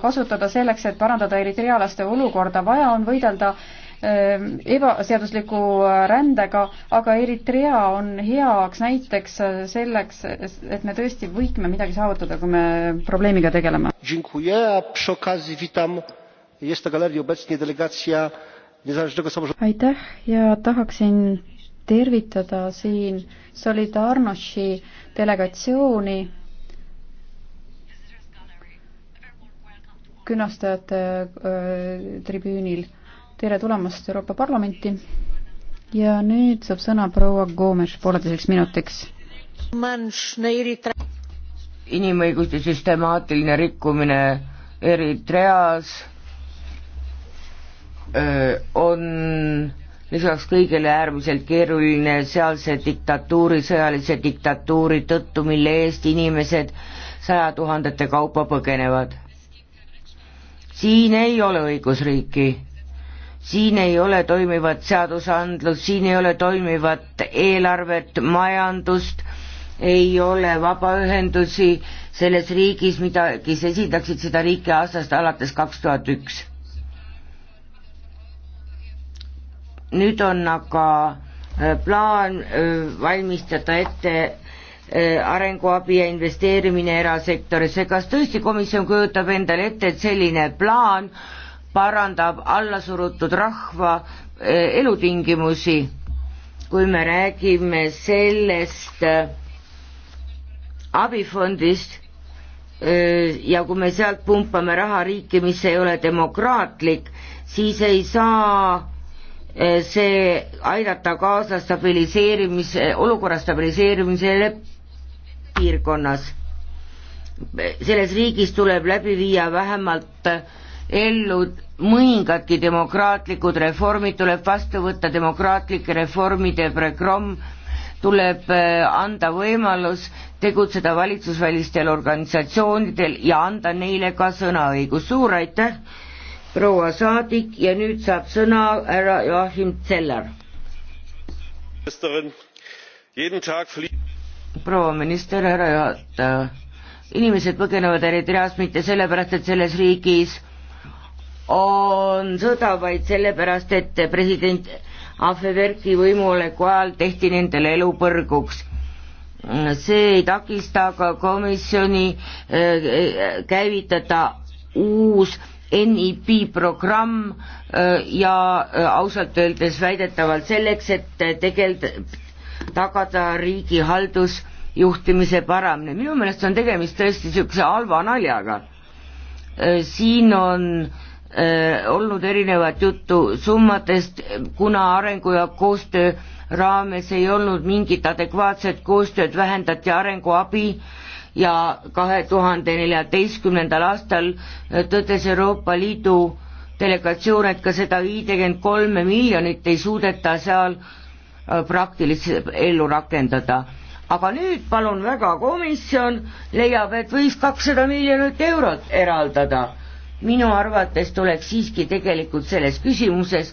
kasutada selleks, et parandada eritrealaste olukorda. vaja on võidelda äh, Ehm, ebaseadusliku äh, rändega, aga Eritrea on heaks näiteks äh, selleks, et me tõesti võime midagi saavutada, kui me probleemiga tegeleme. aitäh ja tahaksin tervitada siin Solidarnoši delegatsiooni külastajate äh, tribüünil tere tulemast Euroopa Parlamenti ja nüüd saab sõna proua Gomes pooleteiseks minutiks. inimõiguste süstemaatiline rikkumine Eritreas öö, on lisaks kõigele äärmiselt keeruline sealse diktatuuri, sõjalise diktatuuri tõttu, mille eest inimesed sajatuhandete kaupa põgenevad. siin ei ole õigusriiki siin ei ole toimivat seadusandlust, siin ei ole toimivat eelarvet, majandust, ei ole vabaühendusi selles riigis, mida, kes esindaksid seda riiki aastast alates kaks tuhat üks. nüüd on aga äh, plaan äh, valmistada ette äh, arenguabi ja investeerimine erasektorisse, kas tõesti komisjon kujutab endale ette, et selline plaan äh, parandab allasurutud rahva e, elutingimusi. kui me räägime sellest e, abifondist e, ja kui me sealt pumpame raha riiki, mis ei ole demokraatlik, siis ei saa see aidata kaasa stabiliseerimise, olukorra stabiliseerimisele piirkonnas. selles riigis tuleb läbi viia vähemalt ellu mõningadki demokraatlikud reformid, tuleb vastu võtta demokraatlike reformide programm, tuleb äh, anda võimalus tegutseda valitsusvälistel organisatsioonidel ja anda neile ka sõnaõigus, suur aitäh, proua saadik ja nüüd saab sõna härra Joachim Zeller. proua minister, härra juhataja, inimesed põgenevad Eritreast mitte sellepärast, et selles riigis on sõda vaid sellepärast, et president Ahveverki võimuoleku ajal tehti nendele elu põrguks. see ei takista aga komisjoni äh, äh, käivitada uus NIP programm äh, ja ausalt öeldes väidetavalt selleks, et tegel-, tagada riigi haldusjuhtimise paramine. minu meelest on tegemist tõesti niisuguse halva naljaga. siin on äh, Äh, olnud erinevat juttu summadest, kuna arengu ja koostöö raames ei olnud mingit adekvaatset koostööd, vähendati arenguabi ja kahe tuhande neljateistkümnendal aastal äh, tõdes Euroopa Liidu delegatsioon, et ka seda viitekümmet kolme miljonit ei suudeta seal äh, praktiliselt ellu rakendada. aga nüüd palun väga, komisjon leiab, et võiks kakssada miljonit eurot eraldada minu arvates tuleks siiski tegelikult selles küsimuses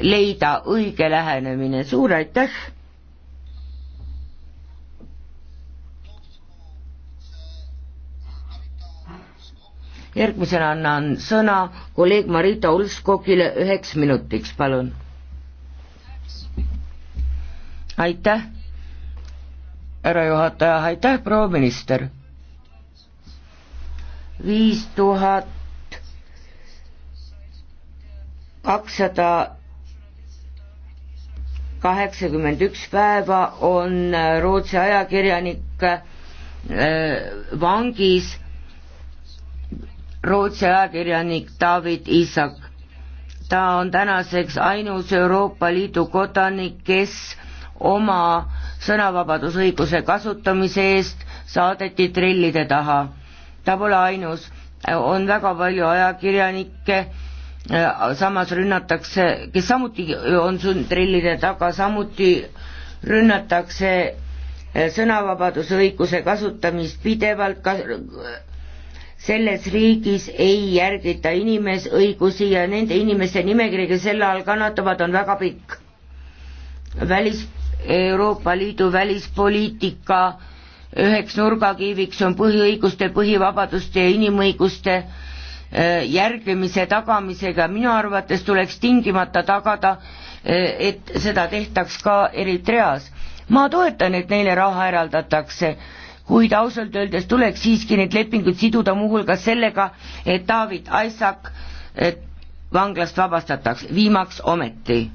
leida õige lähenemine, suur aitäh! järgmisena annan sõna kolleeg Marita Ulfskogile üheks minutiks, palun. aitäh, härra juhataja, aitäh, proua minister. viis tuhat kakssada kaheksakümmend üks päeva on Rootsi ajakirjanik äh, vangis, Rootsi ajakirjanik David Isak. ta on tänaseks ainus Euroopa Liidu kodanik, kes oma sõnavabadusõiguse kasutamise eest saadeti trellide taha. ta pole ainus, on väga palju ajakirjanikke, Äh, samas rünnatakse, kes samuti on sundrillide taga, samuti rünnatakse äh, sõnavabaduse õiguse kasutamist pidevalt kas,, äh, selles riigis ei järgita inimesõigusi ja nende inimeste nimekiri, kes selle all kannatavad, on väga pikk. välis, Euroopa Liidu välispoliitika üheks nurgakiviks on põhiõiguste, põhivabaduste ja inimõiguste äh, Äh, järgimise tagamisega, minu arvates tuleks tingimata tagada, äh, et seda tehtaks ka Eritreas. ma toetan, et neile raha eraldatakse, kuid ausalt öeldes tuleks siiski need lepingud siduda muuhulgas sellega, et David Isaac äh, vanglast vabastataks, viimaks ometi.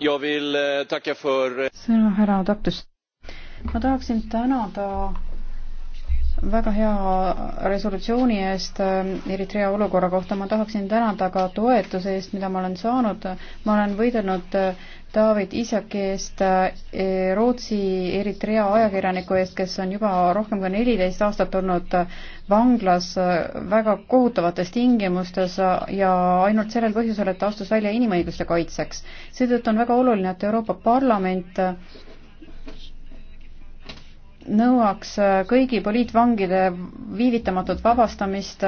sõna härra Taktus. ma tahaksin tänada ta väga hea resolutsiooni eest äh, Eritrea olukorra kohta. ma tahaksin tänada ka toetuse eest, mida ma olen saanud. ma olen võidelnud äh, David Isaki eest, äh, Rootsi Eritrea ajakirjaniku eest, kes on juba rohkem kui neliteist aastat olnud vanglas väga kohutavates tingimustes ja ainult sellel põhjusel, et ta astus välja inimõiguste kaitseks. seetõttu on väga oluline, et Euroopa Parlament nõuaks äh, kõigi poliitvangide viivitamatut vabastamist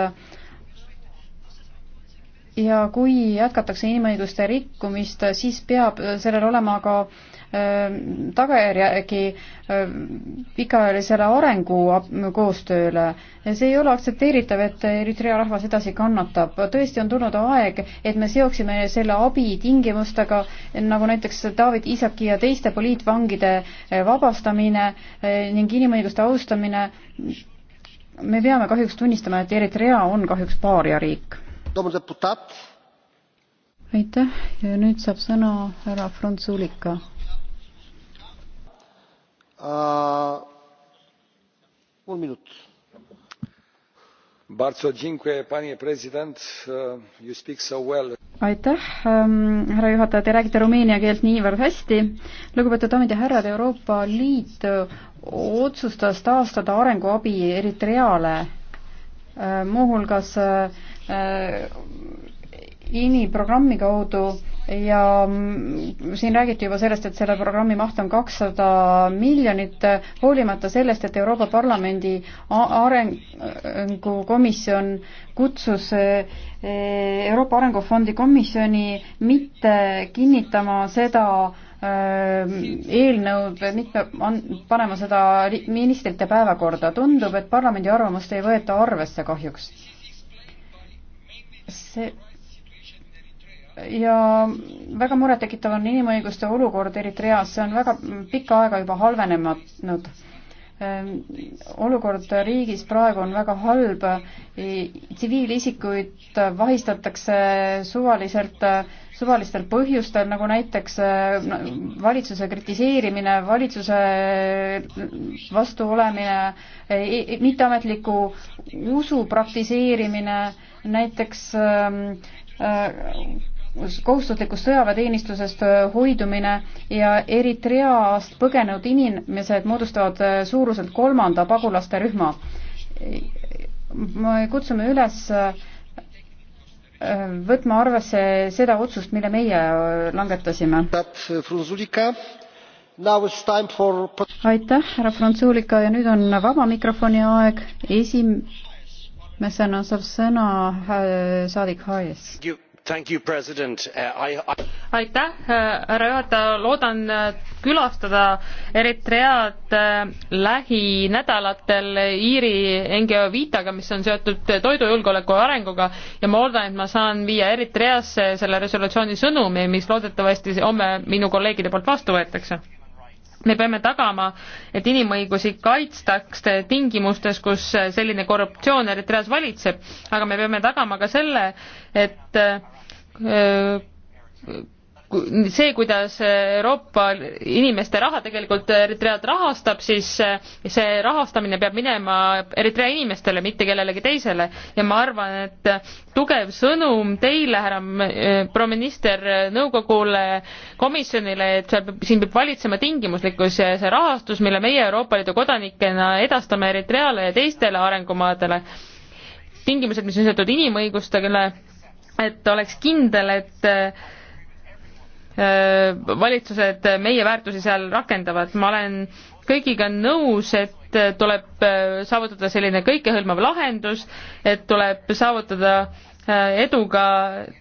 ja kui jätkatakse inimõiguste rikkumist, siis peab sellel olema ka äh, Ehm, tagajärjegi ehm, pikaajalisele arengukoostööle. see ei ole aktsepteeritav, et Eritrea rahvas edasi kannatab. tõesti on tulnud aeg, et me seoksime selle abi tingimustega, nagu näiteks David Isaki ja teiste poliitvangide eh, vabastamine eh, ning inimõiguste austamine. me peame kahjuks tunnistama, et Eritrea on kahjuks paariariik. aitäh ja nüüd saab sõna härra Frunzulika Uh, uh, aitäh um, härra juhataja te räägite rumeenia keelt niivõrd hästi lugupeetud daamid ja härrad euroopa liit uh, otsustas taastada arenguabi eritreale muuhulgas ini programmi kaudu ja mm, siin räägiti juba sellest, et selle programmi maht on kakssada miljonit, hoolimata sellest, et Euroopa Parlamendi arengukomisjon kutsus eh, Euroopa Arengufondi komisjoni mitte kinnitama seda eh, eelnõu, mitte panema seda ministrite päevakorda. tundub, et parlamendi arvamust ei võeta arvesse kahjuks. see ja väga murettekitav on inimõiguste olukord Eritreas, see on väga pikka aega juba halvenenud. Ähm, olukord riigis praegu on väga halb, tsiviilisikuid vahistatakse suvaliselt, suvalistel põhjustel, nagu näiteks äh, valitsuse kritiseerimine, valitsuse äh, vastu olemine, äh, e, mitteametliku usu praktiseerimine, näiteks ähm, kohustuslikust sõjaväeteenistusest hoidumine ja Eritreast põgenenud inimesed moodustavad suuruselt kolmanda pagulaste rühma. me kutsume üles võtma arvesse seda otsust, mille meie langetasime. aitäh, härra Frantsuulika ja nüüd on vaba mikrofoni aeg. esimesena saab sõna äh, saadik Hayes. Uh, aitäh äh, härra juhataja loodan äh, külastada eritread äh, lähinädalatel iiri ngo vitaga mis on seotud toidujulgeoleku arenguga ja ma loodan et ma saan viia eritreasse selle resolutsiooni sõnumi mis loodetavasti homme minu kolleegide poolt vastu võetakse me peame tagama, et inimõigusi kaitstakse tingimustes, kus selline korruptsioon Eritreas valitseb, aga me peame tagama ka selle, et äh, Äh, see, kuidas Euroopa inimeste raha tegelikult Eritread rahastab, siis äh, see rahastamine peab minema Eritrea inimestele, mitte kellelegi teisele. ja ma arvan, et tugev sõnum teile, härra äh, proua minister, nõukogule, komisjonile, et seal peab, siin peab valitsema tingimuslikkus ja see rahastus, mille meie Euroopa Liidu kodanikena edastame Eritreale ja teistele arengumaadele, tingimused, mis on seotud inimõigustele et oleks kindel, et äh, valitsused meie väärtusi seal rakendavad. ma olen kõigiga nõus, et tuleb äh, saavutada selline kõikehõlmav lahendus, et tuleb saavutada äh, eduga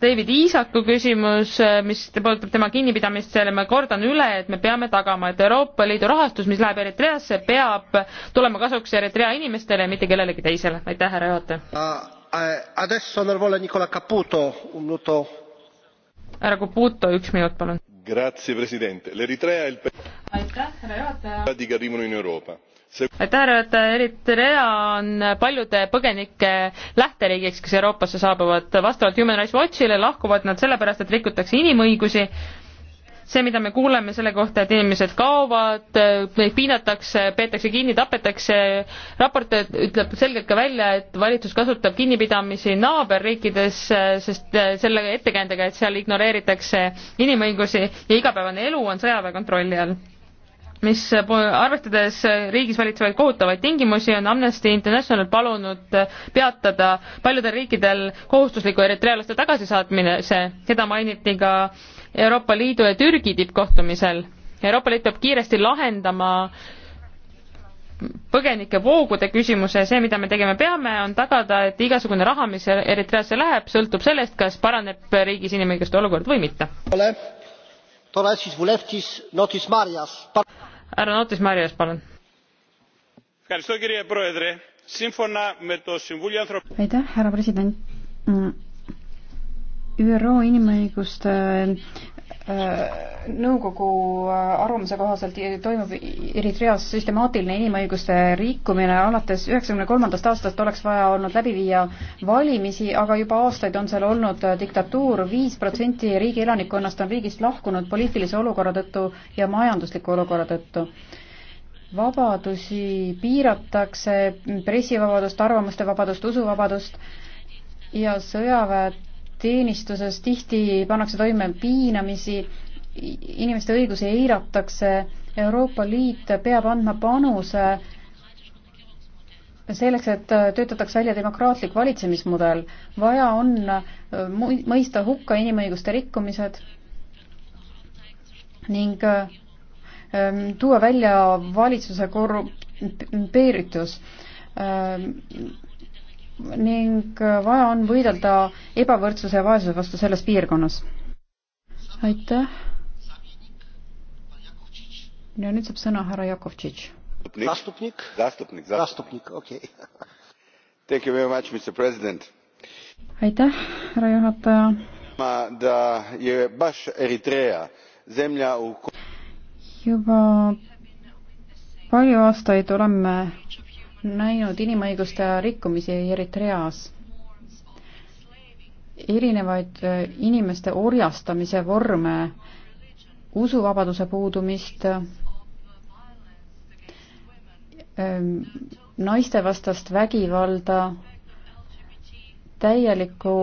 David Iisaku küsimus, mis puudutab tema kinnipidamist, selle ma kordan üle, et me peame tagama, et Euroopa Liidu rahastus, mis läheb Eritreasse, peab tulema kasuks Eritrea inimestele ja mitte kellelegi teisele. aitäh, härra juhataja! härra e, caputo üks minut palun! aitäh härra juhataja! eritrea on paljude põgenike lähteriigiks kes euroopasse saabuvad. vastavalt human rights watchile lahkuvad nad sellepärast et rikutakse inimõigusi see, mida me kuuleme selle kohta, et inimesed kaovad, neid piinatakse, peetakse kinni, tapetakse, raport ütleb selgelt ka välja, et valitsus kasutab kinnipidamisi naaberriikides, sest selle ettekäändega, et seal ignoreeritakse inimõigusi ja igapäevane elu on sõjaväe kontrolli all mis arvestades riigis valitsevaid kohutavaid tingimusi, on Amnesty International palunud peatada paljudel riikidel kohustusliku eritrealaste tagasisaatmine, see, seda mainiti ka Euroopa Liidu ja Türgi tippkohtumisel. Euroopa Liit peab kiiresti lahendama põgenike voogude küsimuse, see, mida me tegema peame, on tagada, et igasugune raha, mis Eritreasse läheb, sõltub sellest, kas paraneb riigis inimõiguste olukord või mitte. härra Notis Marias, palun. aitäh, härra president ÜRO inimõiguste äh, nõukogu äh, arvamuse kohaselt toimub Eritreas süstemaatiline inimõiguste rikkumine. alates üheksakümne kolmandast aastast oleks vaja olnud läbi viia valimisi, aga juba aastaid on seal olnud äh, diktatuur. viis protsenti riigi elanikkonnast on riigist lahkunud poliitilise olukorra tõttu ja majandusliku olukorra tõttu vabadusi piiratakse, pressivabadust, arvamuste vabadust, usuvabadust ja sõjaväed teenistuses tihti pannakse toime piinamisi, inimeste õigusi eiratakse, Euroopa Liit peab andma panuse selleks, et töötataks välja demokraatlik valitsemismudel, vaja on mõista hukka inimõiguste rikkumised ning ähm, tuua välja valitsuse korrumpeeritus. Ähm, ning vaja on võidelda ebavõrdsuse ja vaesuse vastu selles piirkonnas. aitäh. ja nüüd saab sõna härra Jakovtšitš. Zastupnik? Zastupnik, zastupnik, okei okay.. Thank you very much, Mr President. aitäh, härra juhataja. da je baš Eritrea zemlja u juba palju aastaid oleme näinud inimõiguste rikkumisi Eritreas, erinevaid äh, inimeste orjastamise vorme, usuvabaduse puudumist, ähm, naistevastast vägivalda, täielikku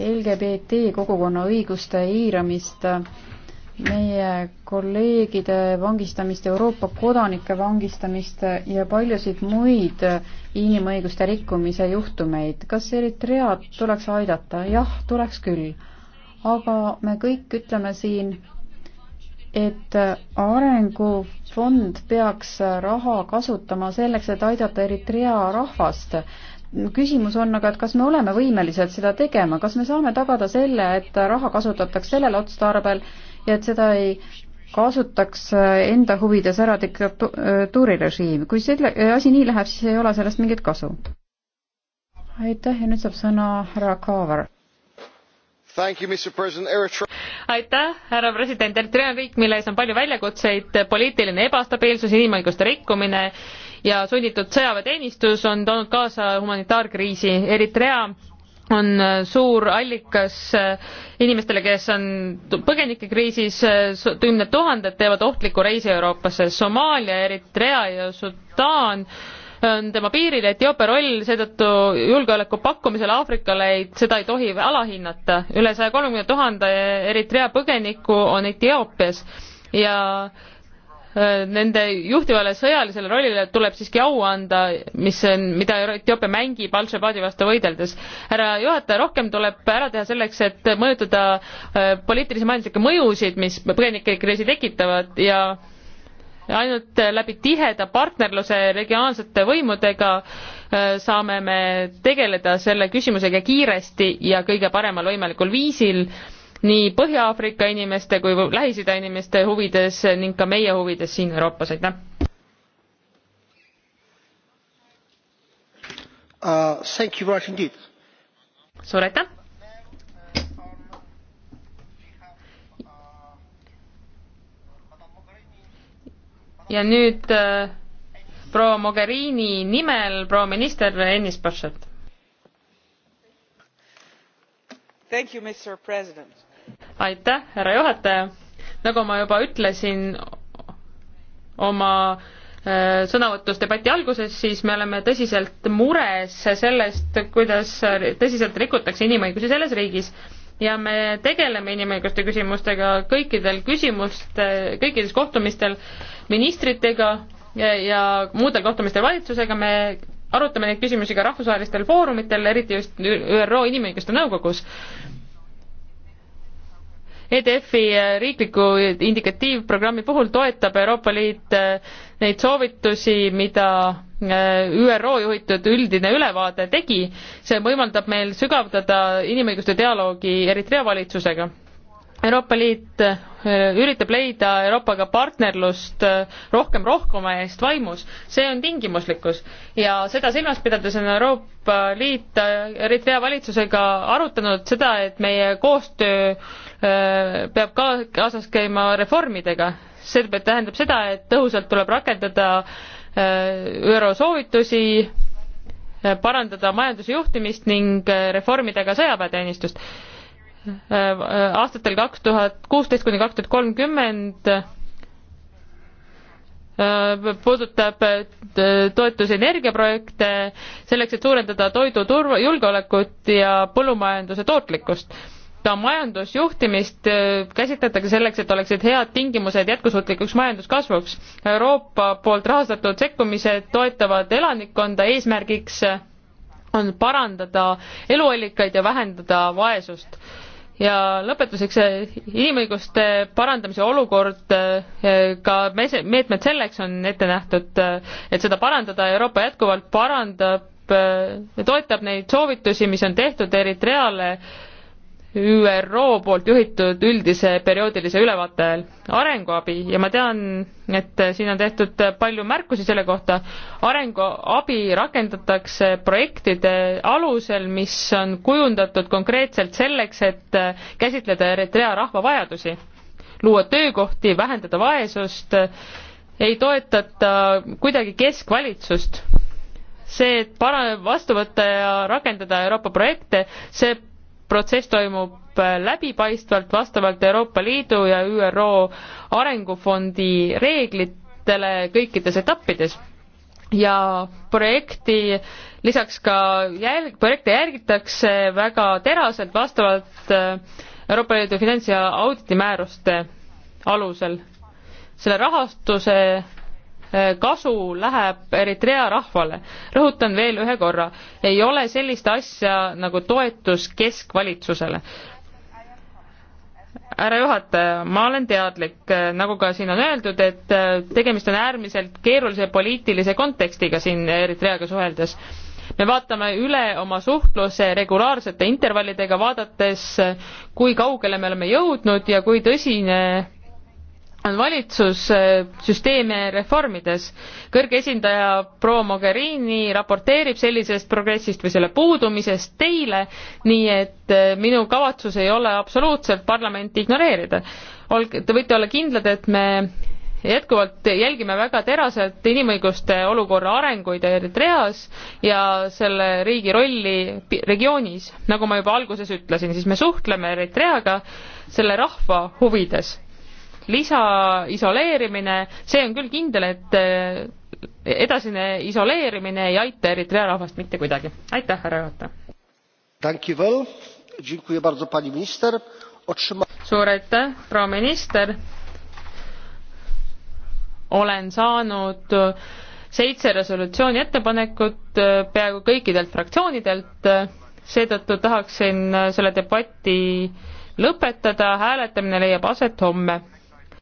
LGBT kogukonna õiguste eiramist meie kolleegide vangistamist, Euroopa kodanike vangistamist ja paljusid muid inimõiguste rikkumise juhtumeid. kas Eritread tuleks aidata? jah, tuleks küll. aga me kõik ütleme siin, et arengufond peaks raha kasutama selleks, et aidata Eritrea rahvast küsimus on aga, et kas me oleme võimelised seda tegema, kas me saame tagada selle, et raha kasutatakse sellel otstarbel, ja et seda ei kasutaks enda huvides ära diktatuurirežiim. kui selle asi nii läheb, siis ei ole sellest mingit kasu. aitäh ja nüüd saab sõna härra Kaavar aitäh härra president eritrea on riik milles on palju väljakutseid poliitiline ebastabiilsus inimõiguste rikkumine ja sunnitud sõjaväeteenistus on toonud kaasa humanitaarkriisi eritrea on äh, suur allikas äh, inimestele, kes on põgenikekriisis, äh, kümned tuhanded teevad ohtliku reisi Euroopasse, Somaalia, Eritrea ja Sudaan on tema piiril, Etioopia roll seetõttu julgeoleku pakkumisel Aafrikale ei, seda ei tohi alahinnata. üle saja kolmekümne tuhande Eritrea põgeniku on Etioopias ja Äh, nende juhtivale sõjalisele rollile tuleb siiski au anda, mis on, mida Etioopia mängib Al-Shabaadi vastu võideldes. härra juhataja, rohkem tuleb ära teha selleks, et mõjutada äh, poliitilisi majanduslikke mõjusid, mis põgenikekriisi tekitavad ja ainult läbi tiheda partnerluse regionaalsete võimudega äh, saame me tegeleda selle küsimusega kiiresti ja kõige paremal võimalikul viisil nii Põhja-Aafrika inimeste kui Lähis-Ida inimeste huvides ning ka meie huvides siin Euroopas, aitäh! Uh, suur aitäh! ja nüüd äh, proua Mogherini nimel proua minister Ennis Bachet. Thank you, Mr President aitäh, härra juhataja. nagu ma juba ütlesin oma äh, sõnavõtus debati alguses, siis me oleme tõsiselt mures sellest, kuidas tõsiselt rikutakse inimõigusi selles riigis ja me tegeleme inimõiguste küsimustega kõikidel küsimuste, kõikides kohtumistel ministritega ja, ja muudel kohtumistel valitsusega, me arutame neid küsimusi ka rahvusvahelistel foorumitel, eriti just ÜRO Inimõiguste Nõukogus EDF-i äh, riikliku indikatiivprogrammi puhul toetab Euroopa Liit äh, neid soovitusi, mida äh, ÜRO juhitud üldine ülevaade tegi, see võimaldab meil sügavdada inimõiguste dialoogi Eritrea valitsusega Euroopa Liit üritab leida Euroopaga partnerlust rohkem rohkuma eest vaimus, see on tingimuslikkus. ja seda silmas pidades on Euroopa Liit Eritrea valitsusega arutanud seda, et meie koostöö peab ka kaasas käima reformidega. see tähendab seda, et tõhusalt tuleb rakendada ÜRO soovitusi, parandada majanduse juhtimist ning reformida ka sõjaväeteenistust. aastatel kaks tuhat kuusteist kuni kaks tuhat kolmkümmend puudutab toetus energiaprojekte selleks, et suurendada toidu turva, julgeolekut ja põllumajanduse tootlikkust ka majandusjuhtimist äh, käsitletakse selleks, et oleksid head tingimused jätkusuutlikuks majanduskasvuks. Euroopa poolt rahastatud sekkumised toetavad elanikkonda, eesmärgiks äh, on parandada eluallikaid ja vähendada vaesust. ja lõpetuseks äh, inimõiguste parandamise olukord, ka meetmed selleks on ette nähtud, et seda parandada, Euroopa jätkuvalt parandab, toetab neid soovitusi, mis on tehtud Eritreale äh, ÜRO poolt juhitud üldise perioodilise ülevaate ajal arenguabi ja ma tean, et siin on tehtud palju märkusi selle kohta. arenguabi rakendatakse projektide alusel, mis on kujundatud konkreetselt selleks, et käsitleda Eritrea rahva vajadusi, luua töökohti, vähendada vaesust, ei toetata kuidagi keskvalitsust see, et para-, vastu võtta ja rakendada Euroopa projekte, see protsess toimub äh, läbipaistvalt vastavalt Euroopa Liidu ja ÜRO arengufondi reeglitele kõikides etappides ja projekti lisaks ka jälg, projekte järgitakse väga teraselt vastavalt äh, Euroopa Liidu finants- ja auditi määruste alusel. selle rahastuse Äh, kasu läheb Eritrea rahvale. rõhutan veel ühe korra, ei ole sellist asja nagu toetus keskvalitsusele. härra juhataja, ma olen teadlik, äh, nagu ka siin on öeldud, et äh, tegemist on äärmiselt keerulise poliitilise kontekstiga siin Eritreaga suheldes me vaatame üle oma suhtluse regulaarsete intervallidega, vaadates, kui kaugele me oleme jõudnud ja kui tõsine on valitsus süsteeme reformides. kõrge esindaja proua Mogherini raporteerib sellisest progressist või selle puudumisest teile, nii et äh, minu kavatsus ei ole absoluutselt parlamenti ignoreerida. olge, te võite olla kindlad, et me jätkuvalt jälgime väga teraselt inimõiguste olukorra arenguid Eritreas ja selle riigi rolli regioonis. nagu ma juba alguses ütlesin, siis me suhtleme Eritreaga selle rahva huvides lisaisoleerimine, see on küll kindel, et eh, edasine isoleerimine ei aita Eritrea rahvast mitte kuidagi. aitäh, härra juhataja! suur aitäh, proua minister! olen saanud seitse resolutsiooni ettepanekut eh, peaaegu kõikidelt fraktsioonidelt, seetõttu tahaksin eh, selle debati lõpetada, hääletamine leiab aset homme